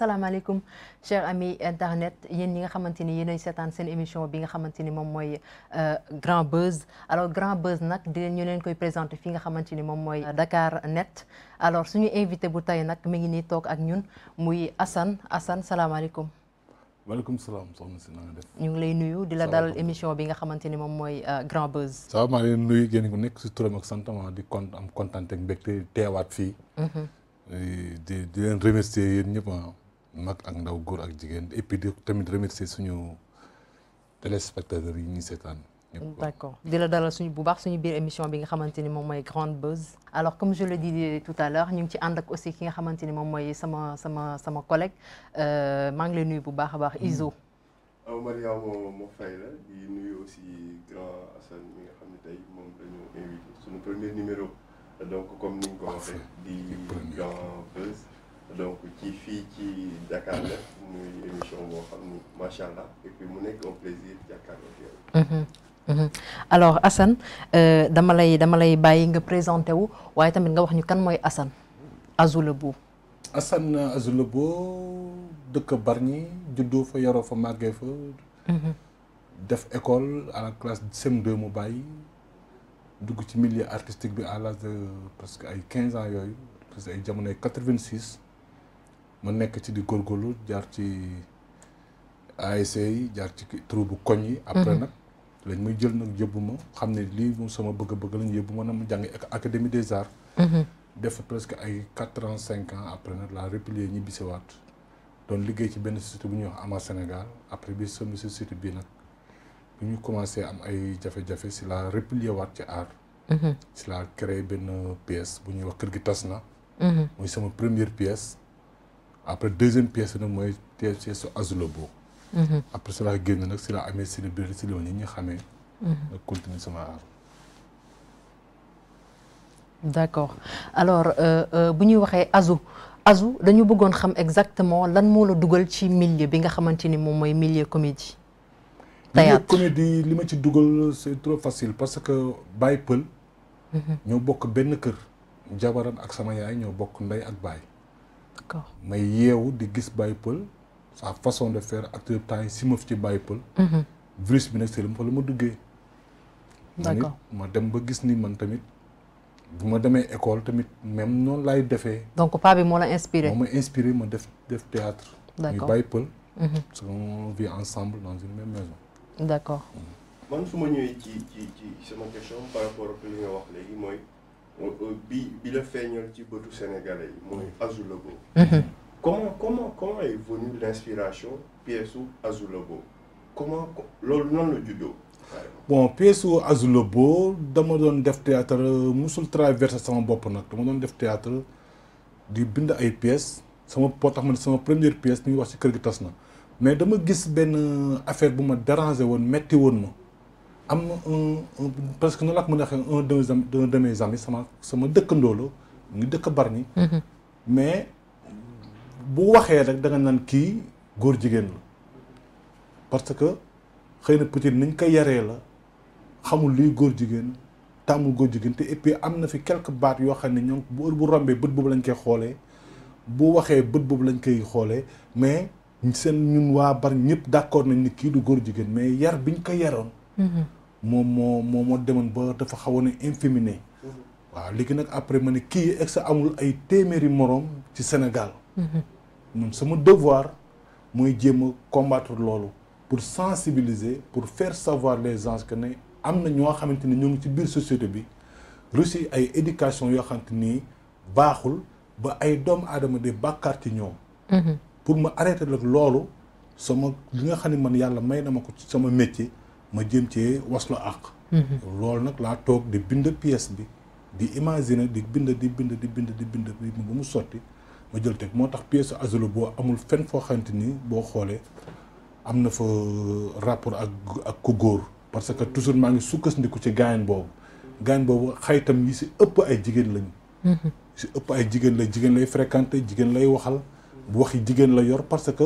asalaamaaleykum chers amis internet yéen ñi nga xamante ni yéenay seetaan seen émission bi nga xamante ni moom mooy euh, Grand Buzz alors Grand Buzz nag di ñu leen koy présenté fi nga xamante ni moom mooy Dakar Net alors suñu invité bu tey nag mi ngi nii toog ak ñun muy assan assan salaamaaleykum. waaleykum salaam soxna si na nga def. ñu ngi lay nuyu di la dalal émission bi nga xamante ni moom mooy euh, Grand Buzz. ça va maa nekk si turam ak sant maa ah, di kont am kontaan ak mbégte teewaat fii. Mhm. mag ak ndaw góor ak jigéen et puis di tamit remercier suñu téléspectateurs yi ñu seetaan. d' di la dalal suñu bu baax suñu biir émission bi nga xamante ni moom mooy grande buzz. alors comme je le dis tout à l'heure ñu ngi ci ànd ak aussi ki nga xamante ni moom mooy sama sama sama collègue euh, maa ngi lay nuyu bu baax a baax mm. iso waaw Mariama moo fay la di nuyu aussi grand Assane mi nga xam ne tey moom la ñu invité suñu premier numéro donc comme ni nga ko waxee di grand buzz. donc ci fii ci Dakar la muy émission boo xam ni macha allah et puis mu nekk un plaisir jàkkaarloo yow. Mhm, mhm. alors Assane euh, dama lay dama lay bàyyi nga présenté wu waaye tamit nga wax ñu kan mooy Assane Azoulebou. Assane Azoulebou dëkk Bargny juddoo fa yaroo fa màggee fa. Mhm. def école à la classe CM2 mu bàyyi dugg ci milieu artistique bi à l'âge de presque ay quinze ans yooyu presque ay jamonoy quatre-vingt-six. ma nekk ci di góorgóorlu jaar ci ASC yi jaar ci bu koñ yi. après mhm. nag lañ muy jël nag yóbbu ma xam ne lii moom sama bëgg-bëgg lañ yóbbu ma na mu jàngi académie des arts. Mhm. def presque ay quatre ans cinq ans après nag la réplier ñi bisewaat doon liggéey ci benn société bu ñuy wax ama Sénégal après bi sama société bii nag bu ñu commencé am ay jafe-jafe si la réplier waat ci art. Mhm. si la créé benn pièce bu ñuy wax kër gi tas na. muy sama première après deuxième pièce nag mooy pièce su Azulobo. Mhm. après si laa génn nag si laa amee si la biir si ñi xamee. Mhm. nag continuer sama art. d' accord alors euh, euh, bu ñuy waxee Azu Azu dañu bëggoon xam exactement lan moo la dugal ci milieu bi nga xamante ni moom mooy milieu comédie. théâtre comédie li ma ci dugal c' est trop facile parce que Baye Pël. Mhm. ñoo bokk benn kër. jabaram ak sama yaay ñoo bokk ndey ak baay. d'accord may yeewu di gis Baye Peul sa façon de faire acteur temps yi si ma fi ci Baye Peul mhm. virus bi nag c'est fa la ma duggee d'accord ma dem ba gis ni man tamit bu ma demee école tamit même noonu laay defee donc paa bi moo la inspiré moo ma inspiré ma def def théâtre d'accord muy Baye Peul mhm. parce que on vit ensemble dans une maison d'accord Euh, euh, bi bi la feeñal ci bëtu sénégalais yi mooy Azulabo. Mhm. comment comment comment est venue l'inspiration pièce u Azulabo comment loolu noonu la juddoo. bon pièce u Azulabo dama doon def théâtre musul traversé sama bopp nag dama doon def théâtre di bind ay pièces sama boo tax ma ne sama première pièce mi wax ci kër gi tas na mais dama gis benn affaire bu ma dérangé woon metti woon ma. am un parce que nu la ko mën a waxee un de un de mes sama sama dëkkandoo la ngi dëkk Bargny mhm. mais bu waxee rek da nga naan kii góor jigéen la parce que xëy na peut-être niñ koy yaree la xamul luy góor jigéen tàmmul góor jigéen te et puis am na fi quelques baat yoo xam ne ñoom bu bu rombee bët boobu lañ koy xoolee bu waxee bët boobu lañ koy xoolee mais seen ñun waa Bargny ñëpp d'accord nañ ni kii du góor jigéen mais yar biñ ko yaroon mhm. moom moo moo moo deman ba dafa xawoon a inféminé mm-hmm. waaw léegi nag après ma ne kii est-ce amul ay téeméeri moroom ci Sénégal ñun mm-hmm. sama devoir mooy jéem a combattre loolu pour sensibiliser pour faire savoir les gens que ne am na ñoo xamante ni ñu ci biir société bi reçu ay éducation yoo xamante ni baaxul ba ay doomu aadama de bàkkaar ci ñoom mm-hmm. pour ma arrêter nag loolu sama li nga xam ne man yàlla may na ma ko ci sama métier ma jëm cee waslu àq. Mhm. loolu nag laa toog di bind pièce bi di imaginer di bind di bind di bind di bind bi ba mu sotti ma jël teg moo tax pièce Azoulou boo amul fenn foo xamante ni boo xoolee am na fa euh, rapport ak ak ku góor parce que toujours maa ngi sukkandiku ci gaañ boobu gaañ boobu xaytam yi si ëpp ay jigéen lañu. Mhm. si ëpp ay jigéen la jigéen lay fréquenté jigéen lay waxal waxi jigéen la yor parce que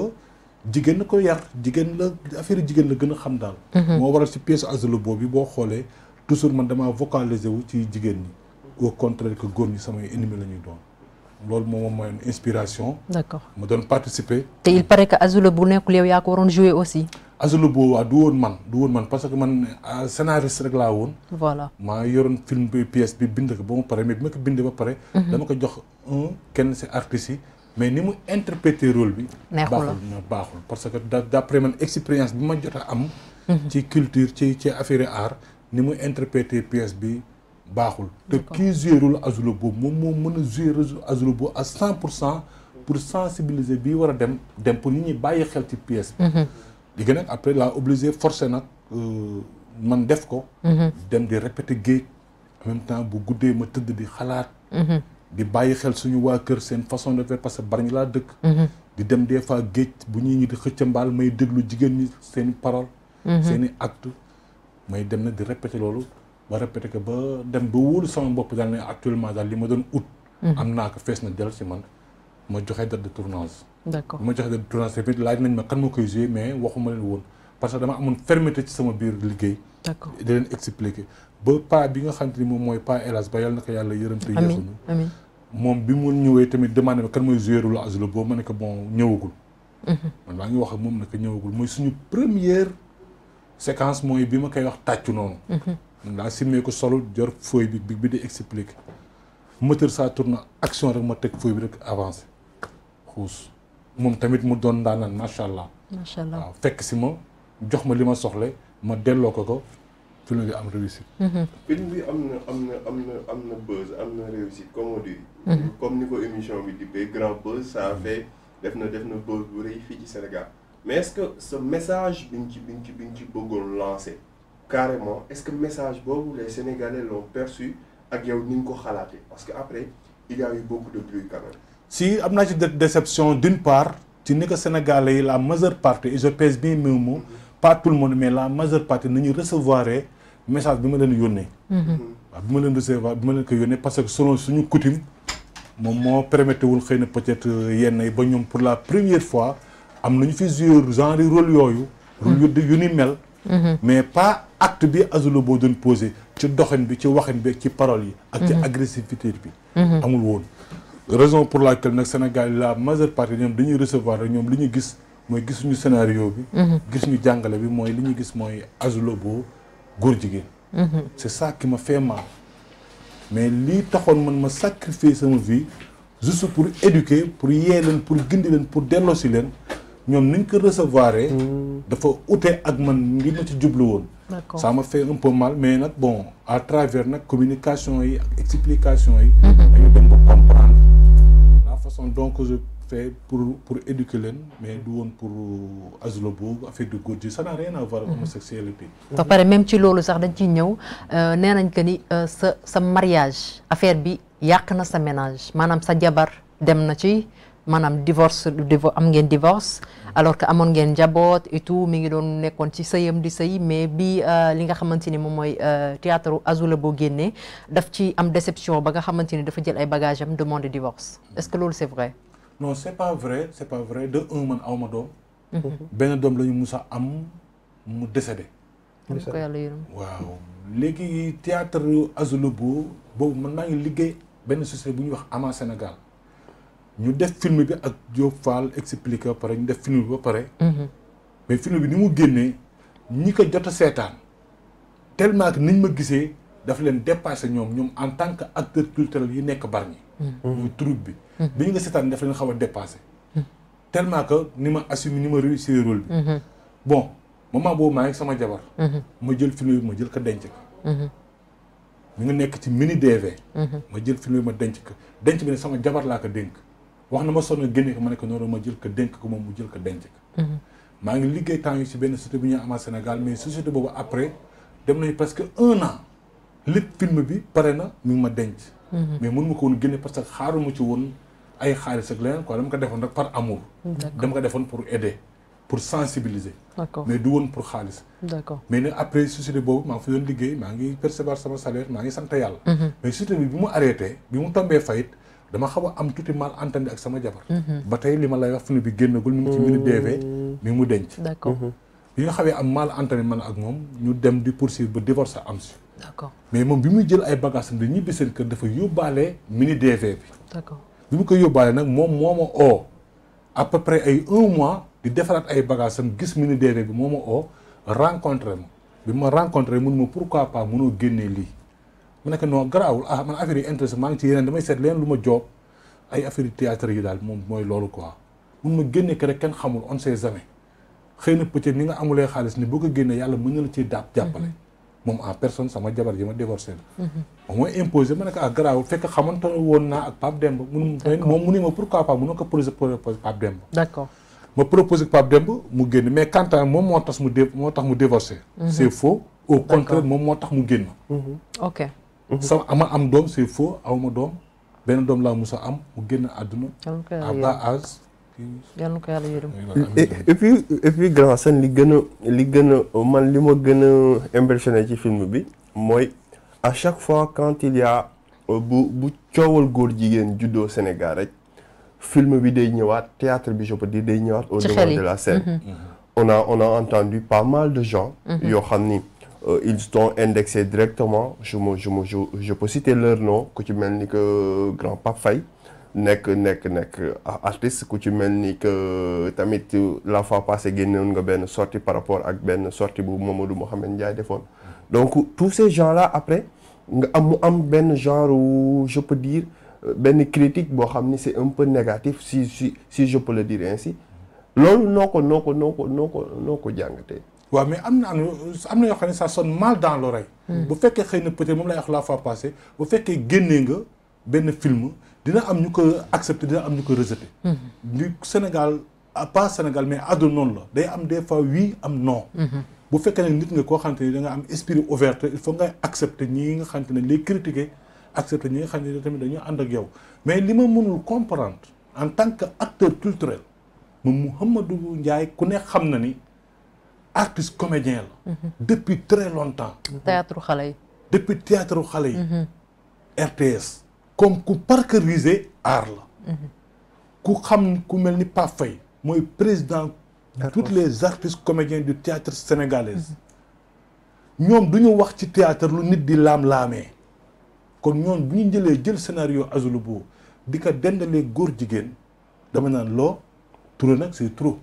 jigéen na ko yar jigéen la affaire jigéen la gën a xam daal. Mhm. moo waral ci pièce azulu boobu boo xoolee toujours man damaa vocaliser wu ci jigéen ñi. au contraire que góor ñi samay ennemis la ñuy doon. loolu moom moom mayoon inspiration. ma doon participer. te il paraît que Azula bu nekkul yow yaa ko waroon jouer aussi. Azula boobu waaw du woon man du woon man parce que man ah, scénariste rek laa woon. maa yoroon film bi pièce bi bind ko ba mu pare mais bi ma ko bindee ba mhm. mais ni mu interpréter rôle bi. baaxul na baaxul parce que d'après man expérience bi ma jot a am. Mhm. ci culture ci ci affaire art ni mu interpréter pièce bi baaxul. te kii joué rôle Azulo boobu moom moo mën a joué rôle Azulo boobu à 100 pour cent pour sensibilisé bi war a dem dem pour nit ñi bàyyi xel ci pièce bi. Mhm. léegi nag après la obligé forcé nag euh, man def ko. Mhm. dem di répéter géej en temps bu guddee ma tëdd di xalaat. di bàyyi xel suñu waa kër seen façon de faire parce que bari ñu laa dëkk. Mhm. di dem des fois géej bu ñuy ñi xëcc mbaal may déglu jigéen ñi seen parole. Mhm. seen i acte may na di répéter loolu ba répéter que ba dem ba wóolu sama bopp daal ne actuellement daal li ma doon ut. Mhm. am naa ko fees na del si man ma joxe date de tournage. d'accord ma joxe date de tournage tamit laaj nañ ma kan ma koy jouer mais waxuma leen woon parce que dama amoon fermeté ci sama biir liggéey. d'accord di expliquer ba pas bi nga xam ni moom mooy pas hélas ba yàlla na ko yàlla moom bi mu ñëwee tamit demande ma kan mooy joueur lu Azul boobu ma ne ko bon ñëwagul. man maa ngi wax ak moom ne ko ñëwagul mooy suñu première séquence mooy bi ma koy wax tàccu noonu. man daa ko solo jor fooy bi bi di expliquer moteur ça tourne action rek ma teg fooy bi rek avancé xuus moom tamit mu doon daanaan macha allah. macha allah waaw fekk si ma jox ma li ma soxle ma delloo ko ko. Mhm. film bi am na am na am na am na buzz am na réussite comme on dit. Mhm. comme ni ko émission bi di bay grand buzz ça mhm. fait def na def na buzz bu rëy fii ci Sénégal mais est-ce que ce message bi ci ci biñ ci bëggoon lancé carrément est-ce que message boobu les Sénégalais l'ont perçu ak yow ni ko xalaatee parce que après il y a de bruit quand si am naa ci déception d'une part ci ni que Sénégalais yi la majeure partie et je pèse bien mes mots tout le monde mais la majeure partie nañu recevoir. message bi ma leen yónnee. Mm-hmm. waaw bi ma leen recevoir bi ma leen ko yónnee parce que selon suñu coutume moom moo permettre wul xëy na peut-être euh, yenn yi ba ñoom pour la première fois am ñu fi jouer genre rôle yooyu. rôle yu ni mel. Mm-hmm. mais pas acte bi Azulo boo doon posé ci doxin bi ci waxin bi ci parole yi. ak ci mm-hmm. agressivité bi. amul woon raison pour la laquelle nag Sénégal la majeure partie ñoom dañuy recevoir rek ñoom li ñu gis mooy gisuñu scénario bi. gisuñu jàngale bi mooy li ñu gis mooy Azulo boo. góor jigéen c'est ça qui m'a fait mal mais li taxoon man ma sacrifier sama vie juste pour éduquer pour yee leen pour gindi leen pour delloosi leen ñoom niñ ko recevoir mm. dafa ute ak man li ma ci jublu woon ça m'a fait un mal mais nag bon à travers nag communication yi explication yi mm-hmm. dañu dem comprendre la façon donc je respect pour pour éduquer leen mais du woon pour asilo boobu affaire de góor ji ça n'a rien à voir mhm. homosexualité ba pare même ci loolu sax dañ ciy ñëw euh, nee nañ que ni euh, sa sa mariage affaire bi yàq na sa ménage maanaam sa jabar dem na ci maanaam divorce am ngeen divorce alors que amoon ngeen njaboot et tout mi ngi doon nekkoon ci sëyam di sëy mais bi euh, li nga xamante ni moom mooy théâtre Azoula boo génnee daf ci am déception ba nga xamante ni dafa jël ay bagages am demande divorce est-ce que loolu c'est non c'est pas vrai c'est pas vrai de un man awma doom mhm. benn doom la ñu mus a am mu décédé waaw léegi théâtre Azulobo boobu man maa ngi liggéey benn société bu ñu wax Ama Sénégal ñu def film bi ak Diop Fall expliqué ba pare ñu def film bi ba pare mhm. mais film bi ni mu génnee ñi ko jot a seetaan tellement que niñ ma gisee dafa leen dépassé ñoom ñoom en tant que acteur culturel yi nekk Bargny muy troupe bi. bi ñu nga seetaan daf leen xaw a dépassé. tellement que ni ma assumé ni ma réussir rôle bi. bon moment boobu maa ngi sama jabar. ma jël film bi ma jël ko denc ko. ñu nekk ci mini DV. ma jël film bi ma denc ko denc bi ne sama jabar laa ko dénk. wax na ma sonn génne ko ma ne ko noonu ma jël ko dénk ko moom mu jël ko denc ko. maa ngi liggéey temps yu si benn société bu ñuy amal Sénégal mais société boobu après dem nañu presque un an lépp film bi pare na mu ngi ma denc. Mm-hmm. mais mënu ma ko woon génne parce que xaaruma ci woon ay xaalis ak leneen quoi dama ko defoon rek par amour. dama ko defoon pour aider pour sensibiliser. mais du woon pour xaalis. d'accord mais nag après société boobu maa ngi fi doon liggéey maa ngi percevoir sama salaire maa ngi sant yàlla. Mm-hmm. mais société bi bi mu arrêté bi mu tombee fayit dama xaw a am tuuti mal entendu ak sama jabar. Mm-hmm. ba tey li ma lay wax fi bi génnagul mi ngi ci mbiru deewee mi mu denc. d'accord bi nga xawee am mal entendu man d'accord mais moom bi muy jël ay bagages am ñibbi seen kër dafa yóbbaale mini DV bi. bi mu ko yóbbaale nag moom moo ma o à peu près ay un mois di defaraat ay bagages am gis mini DV bi moo ma oo rencontré ma bi ma rencontré mun ma pourquoi pas mënoo génnee lii. mu nekk non garaawul ah man affaire yi intéressé maa ngi ci yeneen damay seet leen lu ma joob ay affaire yu théâtre yi daal moom mooy loolu quoi mun ma génne que rek kenn xamul on sait jamais xëy na peut-être ni nga amulee xaalis ni boo ko yàlla mën na la ci daab jàppale. moom en personne sama jabar ji ma divorcé la moom mooy imposé ma ne ko ah garaawul fekk xamante woon naa ak Pape Demba mun moom mu ni ma pourquoi pas munoo ko proposé Pape Demba d'accord ma proposé Pape Demba mu génn mais quant à moom moo tax mu dé moo tax mu divorcé mhm. c'est faux au contraire moom moo tax mu génn mhm. ok mhm. sama ama am doom c'est faux aw doom benn doom laa musa am mu génn àdduna à bas yal grand san li gën a li gën man li ma gën a impressionné ci film bi mooy à chaque fois quand il y euh, bu bu coowal góor jigéen juddoo Sénégal rek film bi day ñëwaat théâtre bi je peux dire day ñëwaat. au devant de la scène. Mm-hmm. Mm-hmm. on a on a entendu pas mal de gens. Mm-hmm. yoo xam ni. Euh, ils sont indexés directement je me citer leur nom ku ci mel ni que euh, grand Pape Faye. nekk nekk nekk artiste ku ci mel ni que tamit la fois passée génnoon nga benn sortie par rapport ak benn sortie bu Mamadou Mohamed Ndiaye defoon donc tous ces gens là après nga am mu am benn genre je peux dire benn critique boo xam ni c'est un peu négatif si si si je peux le dire ainsi loolu noo ko noo ko noo ko noo ko noo ko jàngatee. waaw mais am na am na yoo xam ne ça sonne mal dans l'oreille hmm. bu fekkee xëy na peut-être moom lay wax la fois bu fekkee génnee nga benn film. dina am ñu ko accepter dina am ñu ko rejeter. du mm-hmm. Sénégal pas Sénégal mais àdduna noonu la day am des fois oui am non. Mm-hmm. bu fekkee ne nit nga koo xamante ni da nga am esprit ouvert il faut nga accepter ñi nga xamante ne lay critiquer accepter ñi nga xam ne tamit dañoo ànd ak yow mais li ma mënul comprendre en tant que acteur culturel moom Mouhamadou njaay ku ne xam na ni artiste comédien la. Mm-hmm. depuis très longtemps. théâtre xale yi. depuis théâtre xale yi. comme ku parcourisé aar la ku xam ku mel ni Pape Faye mooy président de tous les artistes comédiens du théâtre sénégalais ñoom du ñu wax ci théâtre lu nit di laam-laamee kon ñoom bu ñu jëlee jël scénario Azulu Bo di ko dendalee góor jigéen dama naan loo trop nag c'est trop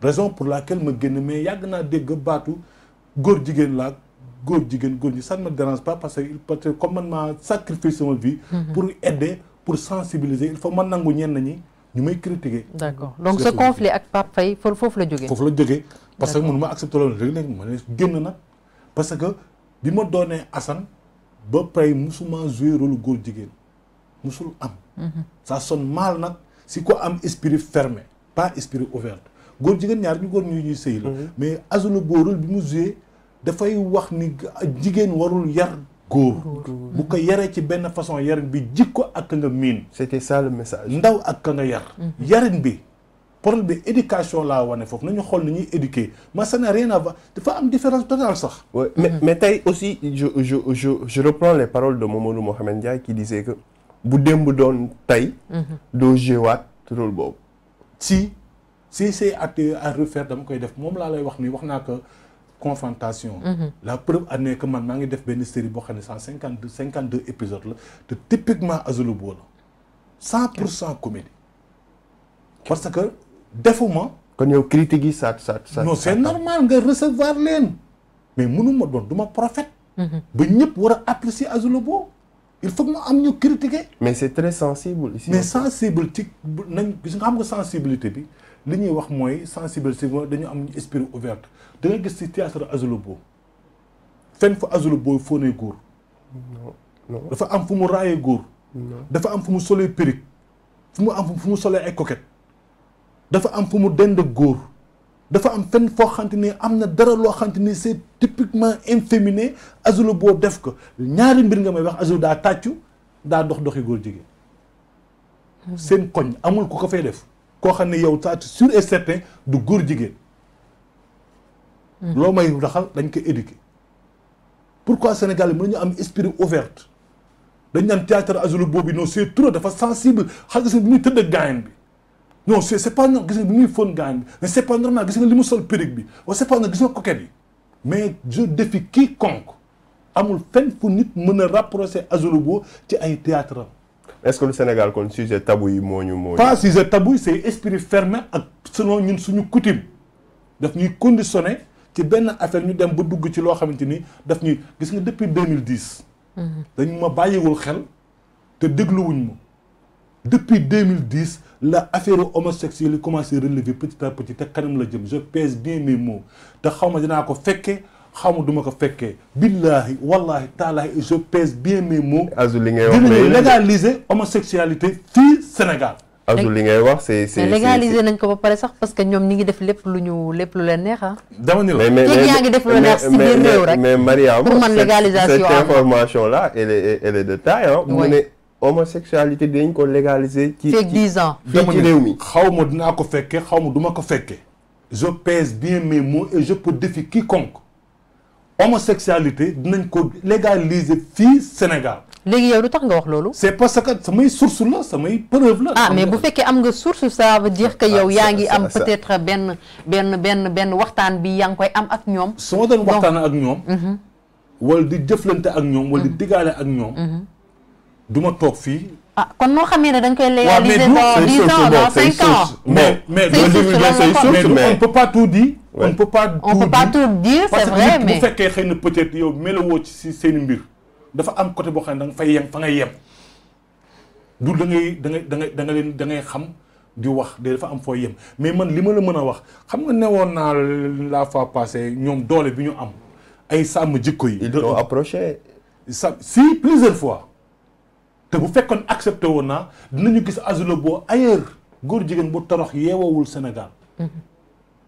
raison pour la laquelle ma génn mais yàgg naa dégg baatu góor jigéen laa góor jigéen góor ñi ça ne me dérange pas parce que parce que comme man maa sacrifié sama vie. Mhm. pour aider pour sensibiliser il faut nangu ñenn ñi ñu may critiquer. donc ce conflit ak Pape Faye foofu la jógee. foofu la jógee parce que mënuma loolu léegi nag ma ne génn na parce que bi ma doonee Assane ba pare musuma joué rôle góor jigéen musul am. Mhm. ça sonne mal nag si ko am esprit fermé pas esprit ouvert góor jigéen ñaar ñu góor ñuy ñuy sëy la mhm. mais azula bi mu joué. dafay wax ni jigéen warul yar góor bu ko yaree ci benn façon yarin bi jikko ak ka nga miin c'était ça ndaw ak ka nga yar mhm. yarin bi problème bi éducation laa wane foofu nañu xool ni ñuy éduquer ma ça n'a rien à dafa am différence totale sax mais mhm. mais tey aussi je je je je reprends les paroles de Mamadou Mohamed Ndiaye qui disait que bu démb doon tey mhm. doo jewaat rôle boobu si si c'est à refaire dama koy def moom laa lay wax ni wax naa ko confrontation mhm. la preuve en est que man maa ngi def benn série boo xam ne cent cinquante deux cinquante deux épisodes la te typiquement Azulu Bo la cent pour cent comédie parce que defuma kon yow critique yi saat saat saat non c'est normal nga recevoir leen mais mënuma doon du ma prophète mhm. ba ñëpp war a apprécier Azulu Bo il faut mu am ñu critiquer mais c'est très sensible ici mais sensible ci nañ gis nga xam nga sensibilité bi li ñuy wax mooy sensibiliser dañu am esprit ouverte da nga gis ci théâtre Azulobo fenn fa Azulobo fóonee góor. dafa am fu mu raayee góor. dafa am fu mu solee perruque fu mu am fu mu solee ay coquette dafa am fu mu dend góor dafa am fenn foo xamante ni am na dara loo xamante ni c'est typiquement inféminé Azulobo def ko ñaari mbir nga may wax Azulobo daa tàccu daa dox doxi góor jigéen. Mm-hmm. seen koñ amul ku ko fay def. koo xam ne yow ça su et du góor jigéen. Hmm. loo may raxal dañ koy éduquer. pourquoi Sénégal mënuñu am esprit ouverte dañ naan théâtre azulu boobu non c'est trop dafa sensible xam gis nga bi muy tëdd gaayen bi non c'est c'est pas normal gis nga bi muy fóon gaayen bi mais c'est pas gis nga li mu sol perruque bi waaye c'est pas normal gis nga coquette yi mais je kii konk amul fenn fu nit mën a rapprocher azulu boobu ci ay théâtre est-ce que le Sénégal kon sujet tabou yi moo ñu moo pas sujet tabou c'est esprit fermé ak selon ñun suñu coutume daf ñuy conditionné ci benn affaire ñu dem ba dugg ci loo xamante ni daf ñuy gis nga mille 2010. dañ ma bàyyiwul xel te dégluwuñ ma depuis 2010 la affaire homosexuelle yi commencé relever petit à petit te kanam la jëm je pèse bien mes mots te xaw ma dinaa ko fekkee. xaw ma duma ko fekkee billaahi wallaahi taalaahi je pèse bien mes mots. azu li ngay wax dinañu légaliser homosexualité fii Sénégal. azu li ngay wax c'est c'est légaliser nañ ko ba pare sax parce que ñoom ñi ngi def lépp lu ñu lépp lu leen neex ah. dama ni la mais yaa ngi def lu neex si biir réew rek mais Mariam pour man légalisation cette information là elle est elle est de taille ah. mu ne homosexualité dañ ko légaliser. ci fii 10 ans fii ci réew mi xaw ma dinaa ko fekkee xaw ma duma ko fekkee. je pèse bien mes mots et je peux homosexualité dinañ ko légaliser fii Sénégal. léegi yow lu tax nga wax loolu. c'est parce que samay source la samay preuve la. Ah, mais bu fekkee am nga source sa veut dire que ah, yow yaa ngi am peut-être benn benn benn benn waxtaan bi yaa ngi koy am ak ñoom. su ma doon waxtaan ak ñoom. Mhm. wala di jëflante ak ñoom. wala di mhm. digaale ak ñoom. Mhm. du ma toog fii. ah kon noo xamee ne dañ koy légaliser dans dix ans dans cinq ans. mais mais mais on ne peut pas tout dire. on ne peut pas tout on peut vrai mais bu fekkee xëy na peut-être yow melowoo ci si seen mbir dafa am côté boo xam ne da nga fay yem fa ngay yem du da ngay da ngay da nga leen da ngay xam di wax de dafa am foo yem mais man li ma la mën a wax xam nga woon naa la fois passée ñoom doole bi ñu am ay sàmm jikko yi. ils approché. sa si plusieurs fois te bu fekkoon accepté woon naa dinañu gis Azulo boo ailleurs góor jigéen bu torox yeewoowul Sénégal. Mm-hmm.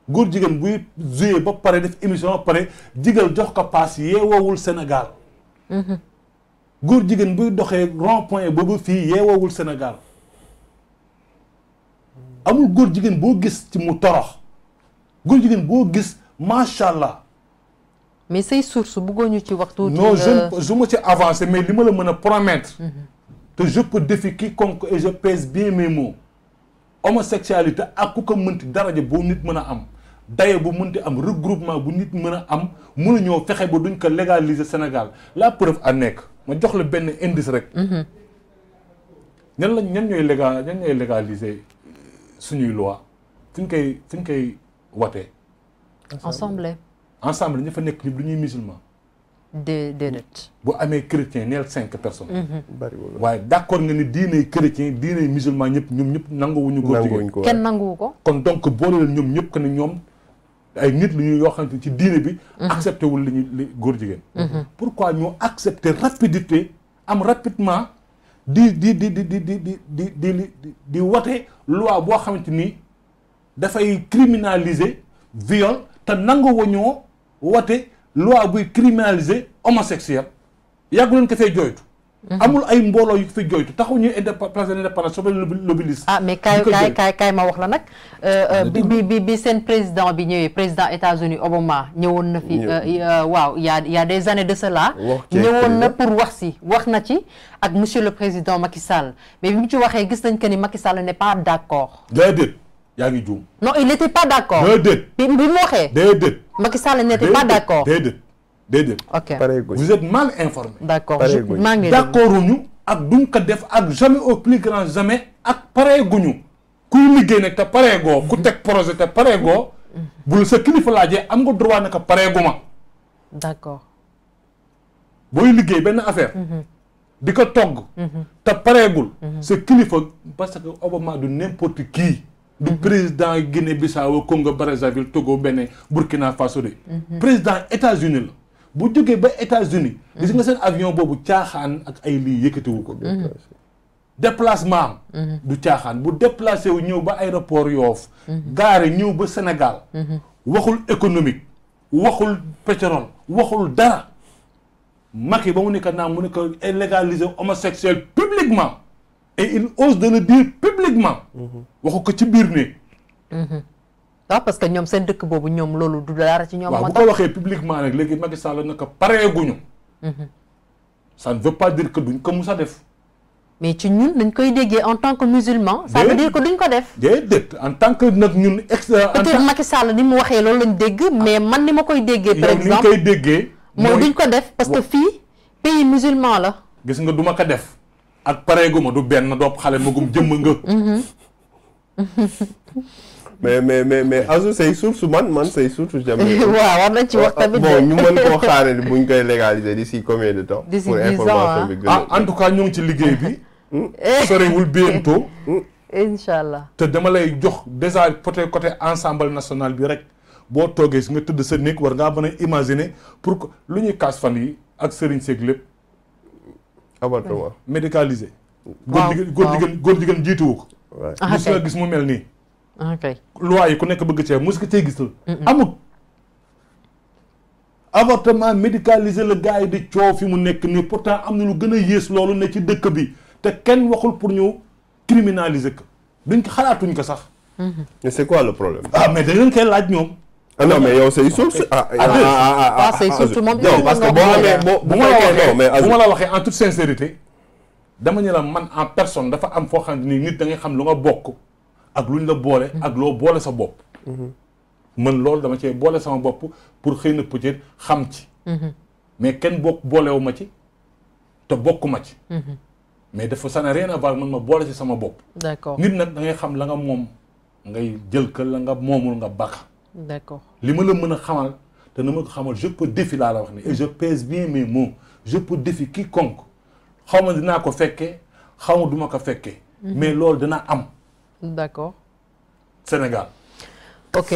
góor jigéen buy joué ba pare def émission ba pare jigal jox ko paas yeewoowul Sénégal. Mhm. góor jigéen buy doxee rond point boobu fii yeewoowul Sénégal amul góor jigéen boo gis ci mu torox góor jigéen boo gis macha allah. mais say source bëggoo ñu ci waxtu. non je je me ci avancé mais li ma la mën a promettre. Mhm. te je peux défier quiconque et je pèse bien mes mots homosexualité ak ku ko mënti daraja boo nit mën a am. dayo bu mënti am regroupement bu nit mën a am mun mënuñoo fexe ba duñ ko légaliser Sénégal la preuve à nekk ma jox la benn indice mm-hmm. ñan la ñan ñooy légal ñan ñooy légaliser suñuy loi suñ koy suñ koy watee. ensemble ensemble ñi fa nekk ñëpp du ñuy musulman. de déedéet. bu amee chrétien neel cinq personnes. Mm-hmm. bariwul waaye d' accord nga ni diiney chrétien diiney musulman ñëpp ñoom ñëpp nanguwuñu. nanguwuñu ko kenn nanguwu ko. kon donc boole leen ñoom ñëpp que ne ñoom. ay nit lu ñu yoo xam ci diine bi accepté wul li ñu góor jigéen pourquoi ñu accepté rapidité am rapidement di di di di di di di di di di wate loi boo xamante ni dafay criminaliser viol te nangu wañoo wate loi buy criminaliser homosexuel yàggu leen ko fee jooytu Mm-hmm. amul ay mbooloo yu fi jooytu taxu ñuy indép place de l'indépendance soble l'obélisque ah mais kaay kaay kaay ma wax la nag euh, euh, ah, bi bi bi seen président bi ñëwee président États-Unis Obama ñëwoon na fi euh, waaw y a des années de cela ñëwoon na pour wax si wax na ci ak monsieur le président Macky Sall mais bi mu ci waxee gis nañ que ni Macky Sall n'est pas d'accord déedéet yaa ngi juum non il n'était pas d'accord déedéet bi mu waxee déedéet Macky Sall pas d'accord déedéet. ok pareeguñ vous êtes mal informé. d'accord ak duñ ko def ak jamais au plus grand jamais ak pareeguñu kuy liggéey nag te pareegoo ku teg projet te pareegoo bul sa kilifa laajee am nga droit ne pareeguma. booy liggéey benn affaire. Mhm. di ko togg. Mhm. te pareegul. Mhm. sa kilifa parce que Obama du n'importe qui. du président Guinée-Bissau Congo Brazzaville Togo Bénin Burkina Faso de. président États-Unis la. bu jógee ba États-Unis gis nga seen avion boobu caaxaan ak ay lii yëkkatiwu ko mm-hmm. déplacement am mm-hmm. du caaxaan bu déplacé wu ñëw ba aéroport Yoff mm-hmm. gaare ñëw ba Sénégal waxul économique waxul pétrole waxul dara Macky ba mu nekk naa mu nekk légaliser homosexuel publiquement et il ose de le dire publiquement waxu ko ci biir ne waaw parce que ñoom seen dëkk boobu ñoom loolu du dara ci ñoom. moo tax ko waxee publiquement nag léegi Macky Sall naka pareeguñu. Mhm. ça ne veut pas ko mus a def. mais ci ñun dañ koy déggee en tant que musulman. ça veut dire que duñ ko def. déedéet en tant que nag ñun. ex peut-être Macky Sall ni mu waxee loolu lañ dégg mais man ni ma koy déggee. par exemple yow ni koy déggee. ko def parce que fii pays musulman la. gis nga du ko def. ak pareegu ma du benn dopp xale magum jëmm nga. Mhm. mais mais mais mais Azou say source man man say source jamais. waaw war nañ ci wax tamit bon ñu mën koo xaaree buñ koy légaliser d'ici combien de temps. d'ici dix ans pour information bi ah en tout cas ñu ngi ci liggéey bi. Hmm? sorewul bientôt. Hmm? incha allah te dama lay jox déjà côté côté ensemble national bi rek boo toogee si nga tëdd sa néeg war ngaa mën a imaginer pour que lu ñuy kaas fan yi ak sëriñ seeg lépp. avortement médicalisé. waaw góor jigéen góor jigéen góor jigéen jiituwu ko. waaw gis nga gis mu mel nii. Ah, ok loi yi ku nekk bëgg cee mos ko cee gis. amut avortement médicalisé la gars yi di coow fi mu nekk nii pourtant am na lu gën a yées loolu ne ci dëkk bi te kenn waxul pour ñëw criminaliser ko duñ ko xalaatuñ ko sax. Mm-hmm. mais c'est quoi le ah, mais da ngeen koy ñoom. ah non mais yow say source ah ah ah, ah surtout moom parce que boo bu ma la waxee mais bu ma la waxee en toute sincérité dama ñu la man en personne dafa am foo xam ne nit da ngay xam lu nga bokk. ak luñ la boole mhm. ak loo boole sa bopp mhm. man loolu dama cee boole sama bopp pour xëy na peut-être xam ci mhm. mais kenn bokk boolewu ma ci te bokk ma ci mais dafa ça n'a rien à man ma boole si sama bopp d'accord nit nag dangay xam la nga moom ngay jël ka la nga moomul nga baax d'accord li ma la mën a xamal te na ma ko xamal je peux défier laa la wax ne et je pèse bien mes mots je peux défier quiconque xaw ma dinaa ko fekkee xaw ma du ma ko fekkee mais loolu dana am d'accord Sénégal. ok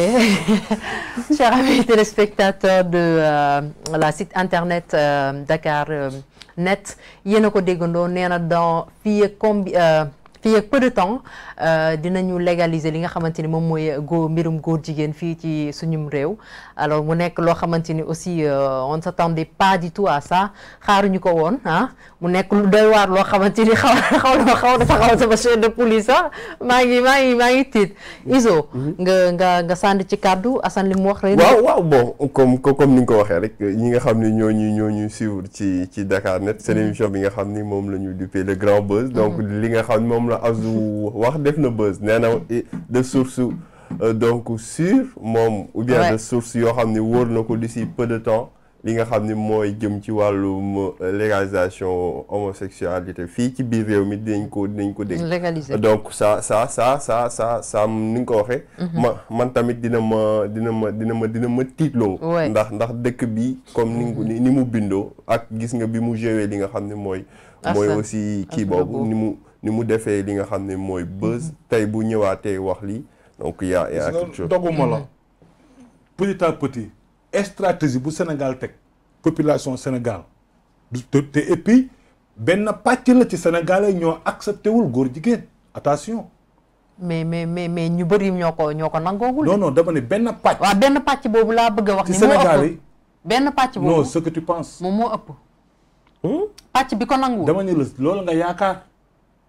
chers amis téléspectateurs de euh, la site internet euh, Dakar euh, net yéen a ko déggandoo nee na dans fii ak combi euh, fii ak peu de temps. Euh, dinañu légaliser li nga xamante ni moom mooy góor mbirum góor jigéen fii ci suñum réew alors mu nekk loo xamante ni aussi euh, on ne s'attendait pas du tout à ça xaaruñu ko woon ah. mu nekk lu waar loo xamante ni xaw xaw na xaw na xaw sama chef de police ah maa ngi maa maa ngi tiit Izo mm-hmm. nga nga nga sànd ci kàddu Assane li mu wax rek waaw waaw comme ni nga ko waxee rek ñi nga xam ne ñoo ñu ñoo ñu suivre ci ci Dakar Net seen mm-hmm. émission bi nga xam ni moom la ñu duppee le grand buzz donc mm-hmm. li nga xam moom la Azou wax def na buzz nee na de source euh, donc sûre moom. ou bien de source yoo xam ni wóor na ko d'ici peu de temps. li nga xam ni mooy jëm ci wàllu euh, légalisation homosexualité fii ci biir réew mi dinañ ko dinañ ko dégg. légaliser donc ça ça ça ça ça ça ni nga ko waxee. Mhm. ma man tamit dina ma dina ma dina ma dina ma tiitloo. ndax ndax dëkk bi comme mhm. ni ni mu bindoo ak gis nga bi mu joué li nga xam ne mooy. mooy aussi kii boobu ni mu. ni mu defee li nga xam ne mooy buzz mm-hmm. tey bu ñëwaatee wax lii donc y' a y' a quelque la mm-hmm. petit à petit stratégie bu Sénégal teg population Sénégal te te benn pàcc la ci Sénégalais ñoo accepté wul góor jigéen attention. mais mais mais mais ñu bëri ñoo ko ñoo ko nangoogul. non non dama ne benn pàcc. waaw benn pàcc boobu laa bëgg a wax. ni ci Sénégal benn pàcc boobu non ëpp. Hmm? pàcc bi ko nangu. loolu nga yaakaar.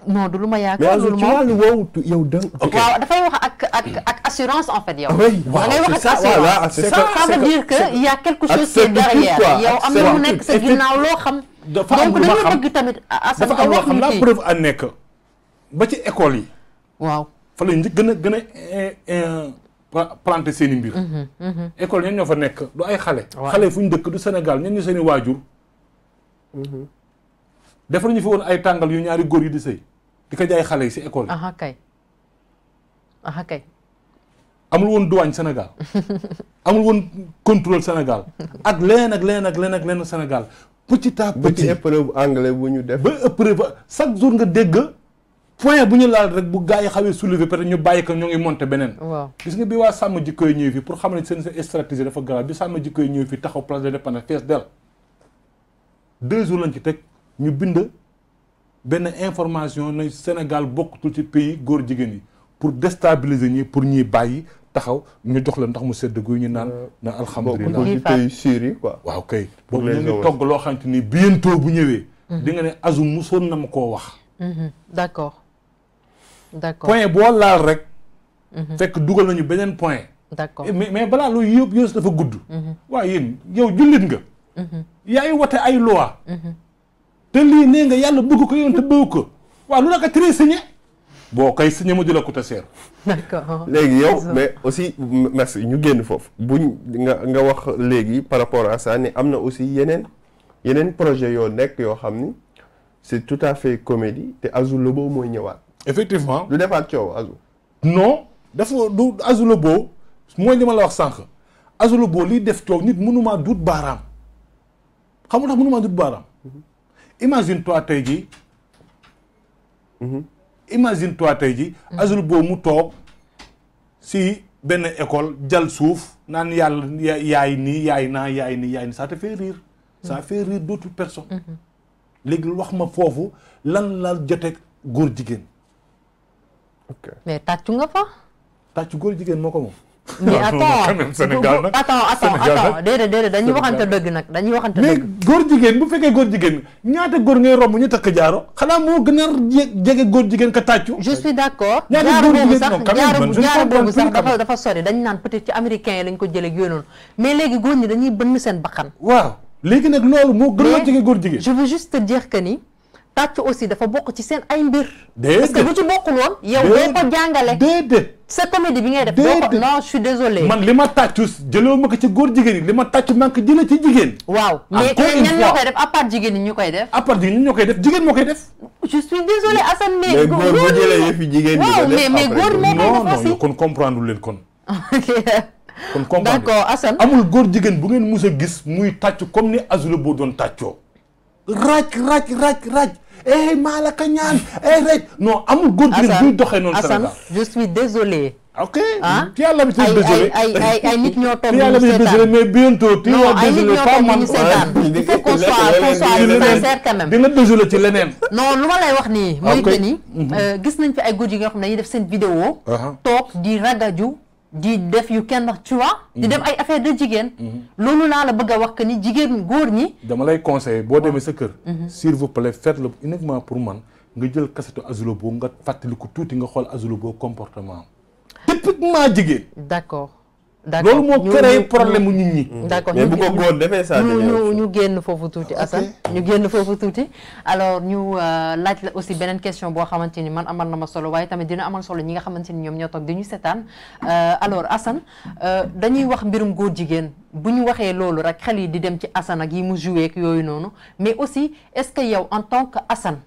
non du lu ma yaakaar loolu moom mais waaw dafay wax ak ak assurance en fait yow. waaw c'est ça voilà c'est ça ça veut dire que il y a quelque chose qui est am na nekk sa ginnaaw loo xam. dafa am lu tamit. dafa loo xam la preuve à nekk ba ci école yi. waaw fa la ñu gën a gën a eh, eh, planté seen i mbir. Mhm, mhm. école ñen ñoo fa nekk lu ay xale. xale fu ñu dëkk du Sénégal ñen ñu seen i waajur. Mhm. defar ñu fi woon ay tàngal yu ñaari góor yi di sëy di ko jaay xale yi si école yi. kay aha kay. amul woon douane Sénégal amul woon contrôle Sénégal ak leneen ak leneen ak leneen ak leneen Sénégal petit à petit. ba épreuve anglais bu ñu def. ba épreuve chaque jour nga dégg point bu ñu laal rek bu gars yi xawee soulever peut-être ñu bàyyi ko ñoo ngi monter beneen. waaw gis nga bi waa sàmm jikko yi ñëw fii pour xam ne seen seen stratégie dafa garaaw bi sàmm jikko yi ñëw fii taxaw place de l'Indépendance fees dell deux jours lañ ci teg ñu bind. benn information na Sénégal bokkatul ci pays góor jigéen yi pour déstabiliser ñi pour ñuy bàyyi taxaw ñu jox la ndax mu sedd guy ñu naan euh, na alhamdulilah bokkatul ci pays Syrie quoi waaw kay boobu ñu ngi togg loo xamante ni bii bientôt bu ñëwee mhm. di nga ne azu musoon na ma koo wax mhm. d'accord d'accord point boo laal rek mhm. fekk dugal nañu beneen point d'accord eh, mais mais balaa loolu yëpp yëpp dafa gudd waaw yéen yow jullit nga yaay wote ay loi te lii nee nga yàlla bëgg ko yoon te bëgg ko waaw lu la ko teree sañe boo koy sañe ma di la ko taseer d'accord léegi yow mais aussi merci ñu génn foofu buñ nga nga wax léegi par rapport à ça ni am na aussi yeneen yeneen projet yoo nekk yoo xam ni c'est tout à fait comédie te Azou le mooy ñëwaat effectivement lu defaat coow Azou non dafa du Azou le Beau mooy li la wax sànq Azou le Beau liy def coow nit mënumaa dut baaraam xam nga tax mënumaa dut baaraam mm-hmm. imagine toi tey jii. Mhm. imagine toi tey jii. Mhm. boobu mu toog si benn école jal suuf naan yàlla yaay nii yaay naa yaay nii yaay nii ça te fait rire. ça mhm. fait rire d' autres personnes. léegi wax ma foofu lan la joteeg góor jigéen. ok mais tàccu nga fa. tàccu góor jigéen moo ko moom. mais attends ah, quand même Sénégal nag attends attends attends déedéet déedéet dañuy waxante dëgg nag dañuy waxante dëgg mais góor jigéen bu fekkee góor jigéen ñaata góor ngay romb ñu takk jaaro xanaa moo gën a jege góor jigéen ka tàccu je suis d'accord jaaro boobu sax jaaro boobu sax dafa dafa sori dañ naan peut-être ci américains yi lañ ko jëlee yooyu noonu mais léegi góor ñi dañuy bënn seen bakkan waaw léegi nag loolu moo gën a jege góor jigéen je veux juste te dire que ni tàcc aussi dafa bokk ci seen ay mbir. déedéet parce que bu ci bokkul woon. yow doo ko jàngale. déedéet sa comédie bi ngay def. doo ko non je désolé. man li ma tàccu jëloo ma ko ci góor jigéen yi li ma tàccu maa ci jigéen. moo koy def. je désolé Assane. mais góor jigéen ñi kon comprendre leen kon. ok. kon amul góor jigéen bu ngeen mus a gis muy tàcc comme ni Azula boo doon tàccoo raaj raaj raaj eh maa la ka ñaan eh rek non amul góor jigéen buy doxee noonu Sénégal je suis désolé ok yàlla bi tey désolé ay ay ay nit ñoo toog yàlla bi désolé mais bientôt ti non ay nit ñoo toog ñu seetaan il faut qu'on soit qu'on soit sincère quand même di nga désolé ci leneen non lu ma lay wax nii ah, mooy que ni mhm. euh, gis nañ fi ay góor jigéen yoo xam ne dañuy def seen vidéo uh-huh. toog di ragaju di def yu kenn tu vois. di def ay affaire de jigéen. Mhm. loolu laa la bëgg wax que ni jigéen góor ñi. dama lay conseiller boo demee sa kër. Mhm. s'il vous plaît faites-le uniquement pour man nga jël kasetu Azulo boobu nga fàttaliku tuuti nga xool Azulo boobu comportement am. typiquement jigéen. loolu moo créé problème mu nit ñi. Mm. d'accord mais bu ko ñu génn foofu tuuti Assane. ñu génn foofu tuuti. alors ñu euh, laaj la aussi beneen question boo xamante ni man amal na ma solo waaye tamit dina amal solo ñi nga xamante ñoom ñoo toog di ñu seetaan euh, alors Assane euh, dañuy wax mbirum góor jigéen bu ñu waxee loolu rek xel yi di dem ci Assane ak yi mu joué yooyu noonu mais aussi est-ce que yow en tant que Assane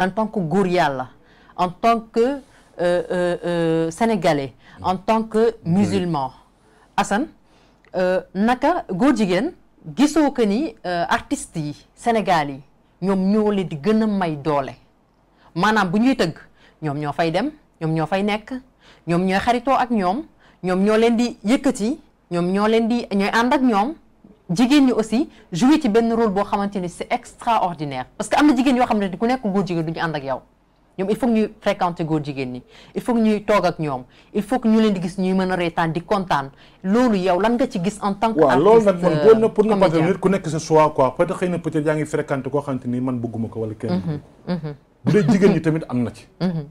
en tant que góor yàlla en tant que. Euh, euh, euh, sénégalais en tant que musulman Assane naka goo jigéen gisoo que ni artistes yi Sénégal yi ñoom ñoo leen di gën a may doole maanaam bu ñuy tëgg ñoom ñoo fay dem ñoom ñoo fay nekk ñoom ñooy xaritoo ak ñoom ñoom ñoo leen di yëkkati ñoom ñoo leen di ñooy ànd ak ñoom jigéen ñi aussi jouer ci benn rôle boo xamante ni c'est extraordinaire parce que am na jigéen yoo xam ne ku nekk góor jigéen du ñu ànd ak yow ñoom il faut que ñuy fréquenter góor jigéen ñi il faut ñuy toog ak ñoom il faut que ñu leen di gis ñuy mën a reetaan di kontaan loolu yow lan nga ci gis en tant que nag man boo pour na que nit ku nekk sa choix quoi peut-être xëy na peut-être yaa ngi fréquenter koo xamante ni man bëgguma ko wala kenn mhm, mhm. bu dee jigéen ñi tamit am na ci mhm.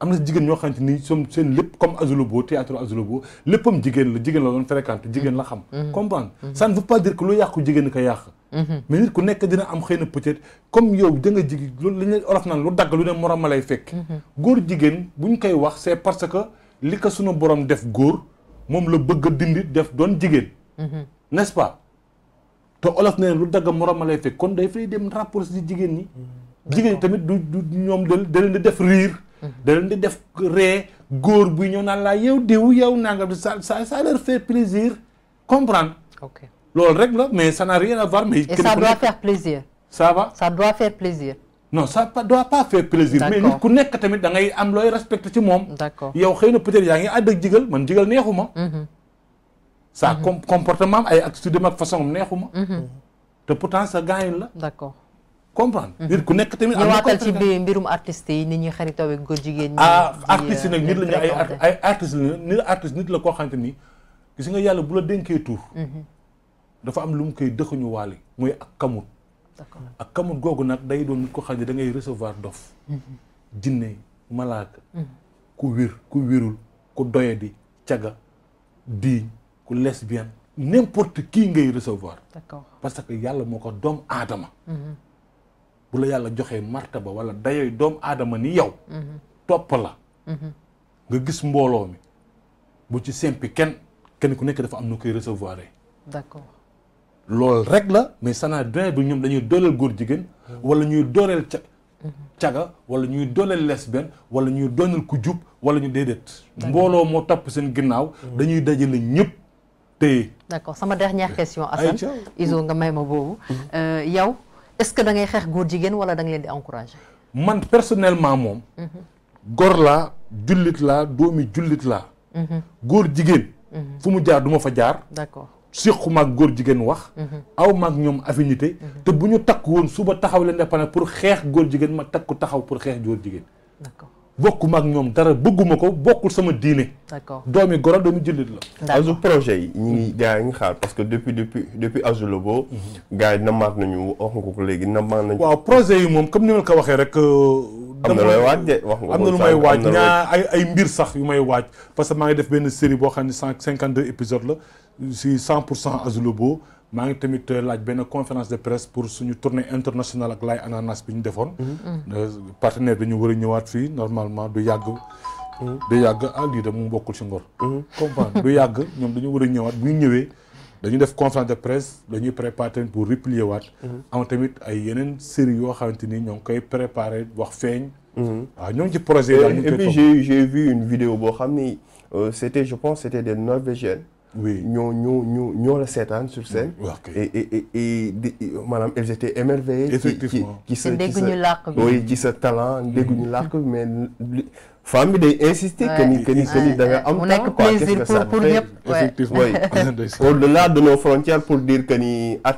am na jigéen ñoo xamante ni som seen lépp comme Azulobo théâtre Azulobo léppam jigéen la jigéen la doon fréquenter jigéen la xam comprendre ça ne veut pas dire que lu yàqu ko yàq Mm-hmm. mais nit ku nekk dina am xëy na peut-être comme yow da jig jigi loolu li ñu olof naan lu dagg lu ne morom lay fekk. Mm-hmm. góor jigéen bu ñu koy wax see parce que li ko sunu boroom def góor moom la bëgg a dindi def doon jigéen. Mm-hmm. n'est-ce pas te olof ne lu dagg morom lay fekk kon day fay dem rapport si jigéen ñi. jigéen tamit du du ñoom da leen di def riir. da leen di def ree góor buy ñëw naan laa yow diw yow nangam sa sa ça leur fait plaisir comprendre. loolu rek la mais ça n'a rien à voir mais. et ça doit faire plaisir. ça va doit pas faire plaisir. mais nit ku nekk tamit da ngay am looy respecté ci moom. d'accord yow xëy na peut yaa ngi ànd ak jigal man jigal neexuma. Mhm. sa mhm. comportement ay attitude de ak façon am neexuma. Mhm. te pourtant sa gaañ la. d'accord comprendre. nit ku nekk tamit. am na ko ci biir mbirum artistes yi nit ñi xaritoo jigéen ñi. ah euh, artistes yi la ñu ay ay artistes la ni nga yàlla bula la tu dafa am lu mu koy dëxuñu waali muy ak kamut ak kamut googu nag day doon nit ko xam ne da ngay recevoir dof mhm. jinne malaaka mhm. ku wir ku wirul ku doyadi caga diiñ ku lesbienne n'importe qui ngay recevoir parce que yàlla moo ko doom aadama mhm. bu la yàlla joxee martaba wala dayoy doom aadama ni yow topp la nga gis mbooloo mi bu ci simpi kenn kenn ku nekk dafa am nu koy recevoir loolu rek la mais sana doy bi ñoom dañuy dooleel góor jigéen wala ñuy dooleel ca caga wala ñuy dooleel lesbienne wala ñuy dooleel ku jub wala ñu déedéet mbooloo moo tapp seen ginnaaw mm. dañuy dajale ñëpp téye d'accord sama dernière question Assane Izo nga may ma boobu mm-hmm. euh, yow est-ce que da ngay xeex góor jigéen wala da nga leen di encourager man personnellement moom mm-hmm. góor la jullit la doomi jullit laa mm-hmm. góor jigéen fu mu jaar duma fa jaar d'accord séqu maag góor jigéen wax mhm. aw maag ñoom affinité mhm. te bu ñu takk woon suba taxaw leen depana pour xeex góor jigéen ma takku taxaw pour xeex góor jigéen d'accord bokku ñoom dara bëgguma ko bokkul sama diine d'accord doomi goro doomi jullit la azu projet yi ñu ngi gars ngi xaar parce que depuis depuis depuis azu lobo mhm. gars yi namaat nañu wax nga ko léegi namaat nañu waaw projet yi moom comme ni ko waxee rek euh, am na looy waaj de wax nga am na lu may waaj ñaa ay ay mbir sax yu may waaj parce que maa ngi def benn série boo xam ne cent cinquante deux la si cent pour cent Azulobo maa ngi tamit euh, laaj benn conférence de presse pour suñu tournée internationale ak Laye Ananas bi ñu defoon. Mm-hmm. Euh, partenaire dañu war a ñëwaat fii normalement du yàgg. Mm-hmm. du yàgg ah lii de mu bokkul si ngor. Mm-hmm. comprendre du yàgg ñoom dañu war a ñëwaat bu ñëwee. dañu def conférence de presse dañuy préparer tamit pour replier waat. am tamit ay yeneen série yoo xamante ni ñoo ngi koy préparer wax feeñ. waaw ñoo ci projet daal ñu ngi koy et puis j'ai j'ai vu une vidéo boo xam ni euh, c'était je ñoo ñoo ñoo ñoo la seetaan sur scène. et et et maanaam elles étaient émerveillées. effectivement ci sa ci sa ci sa talent dégguñu làkk mais femme bi day insister. que ni que ni que ni da nga am. mu nekk plaisir pour pour ñëpp effectivement au pour dire que ni a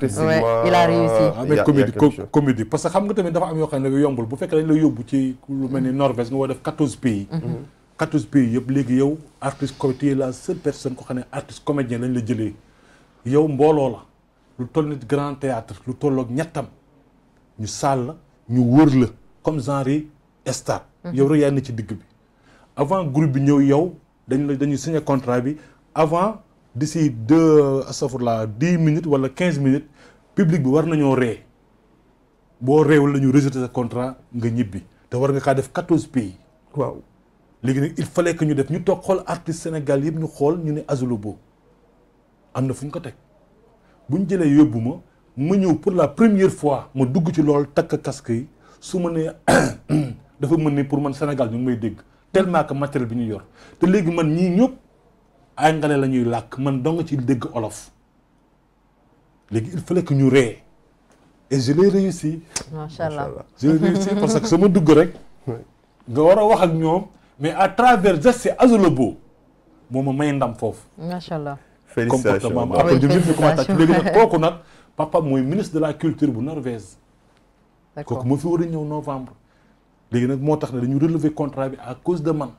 comédie parce que xam nga tamit dafa am yoo xam ne yombul bu fekkee dañ la yóbbu ci lu mel ni Norvège nga war def quatorze pays. Mm-hmm. 14 pays yëpp léegi yow artiste comédien la seule personne ko xam ne artiste comédien lañ la jëlee yow mbooloo la lu toll nit grand théâtre lu tollook ñettam ñu saal la ñu wër la comme genre yi stade mhm. yow rek yaa ci digg bi avant groupe bi ñëw yow dañ la dañuy signé contrat bi avant d'ici deux astafurlah dix minutes wala quinze minutes public bi war nañoo ree boo réewul la ñu rejeté sa contrat nga ñibbi te war nga kaa def quatorze pays waaw léegi nag il fallait que ñu def ñu toog xool artiste Sénégal yëpp ñu xool ñu ne Azoulo Ba am na fu ñu ko teg bu ñu jëlee yóbbu ma ma ñëw pour la première fois ma dugg ci lool takk casque yi su ma nee dafa mën ne pour man Sénégal ñu ngi dégg tellement que matériel bi ñu yor te léegi man ñii ñëpp ay la ñuy làkk man dong ci dégg olof léegi il fallait ñu ree et je l'ai macha allah je l'ai réussi parce que dugg rek nga war a wax ak ñoom. mais à travers geste Azou Lo moo ma may ndam foofu. macha allah félicitations comportement am après ñun ñu commencé léegi nag kooku nag papa mooy ministre de la culture bu Norvège. d'accord kooku moo fi war a ñëw novembre. léegi nag moo tax ne dañu relever contrat bi à cause de man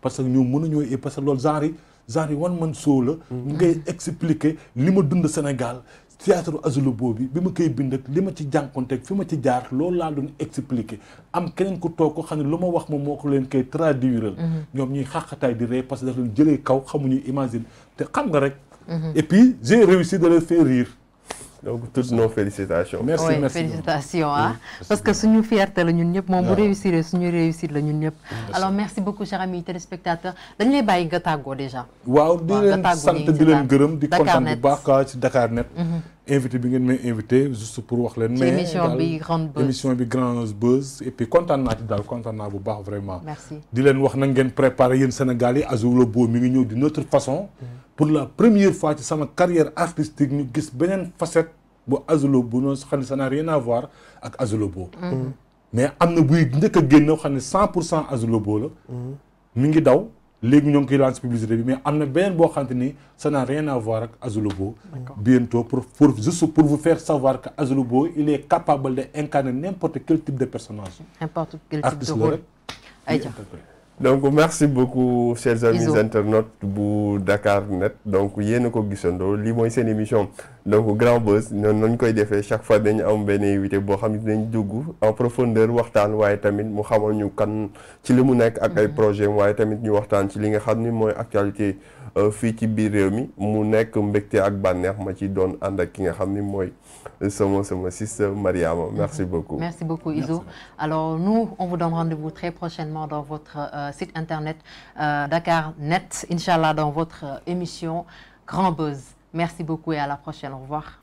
parce que ñoom mënuñoo et parce que loolu genre yi genre yi wan man soo la. ñu mm. ngay expliquer li ma dund Sénégal théâtre Azulo boobu bi ma koy bind ak li ma ci jànkonteeg fi ma ci jaar loolu laa doon expliqué am keneen ku toog ko xam ne lu ma wax moom moo ko leen koy traduiral mhm. ñoom ñuy xàqataay di ree parce que dafa leen jëlee kaw xamuñu imagine te xam nga rek mhm. et puis j'ai réussi de les parce que suñu fierté la ñun ñëpp moom bu ah. réussir suñu réussite la ñun ñëpp. alors merci beaucoup chers amis téléspectateurs dañu lay bàyyi nga tàggoo déjà. waaw di leen sant invité bi ngeen may invité juste pour wax leen. mais émission bi grande buzz émission bi et puis kontaan naa ci daal kontaan naa bu baax vraiment. di leen wax na ngeen préparé yéen Sénégal yi Azou Le Beau mi ngi ñëw d'une autre façon. Mm-hmm. pour la première fois ci sama carrière artistique ñu gis beneen facette bu Azou Le Beau noonu xam ne ça n'a rien ak Azou Le mm-hmm. mais am na buy njëkk a génn xam ne 100 pour cent Azou Le la. mu mm-hmm. ngi daw. léegi ñoo ngi koy lancé publicité bi mais am na beneen boo xamante ni ça n'a rien à voir ak Azulobo bientôt pour pour juste pour vous faire savoir que bo il est capable de incarner n'importe quel type de personnage n'importe quel type de rôle donc merci beaucoup chers amis internautes bu Dakar Net donc yéen a ko gisandoo lii mooy seen émission donc grand buzz noonu nañ koy defee chaque fois dañu am benn invité boo xam ne dañ dugg en profondeur waxtaan waaye tamit mu xamal ñu kan ci li mu nekk ak ay mhm. projet waaye tamit ñu waxtaan ci li nga xam ni mooy actualité euh, fii ci biir réew mi mu nekk mbégte ak bànneex ma ci doon ànd ak ki nga xam ni mooy sama sama sister Mariama merci beaucoup. merci beaucoup Izo merci. alors nous on vous donne dans votre euh, site internet euh, Dakar Net inchallah dans votre euh, émission Grand Buzz merci beaucoup et la prochaine revoir.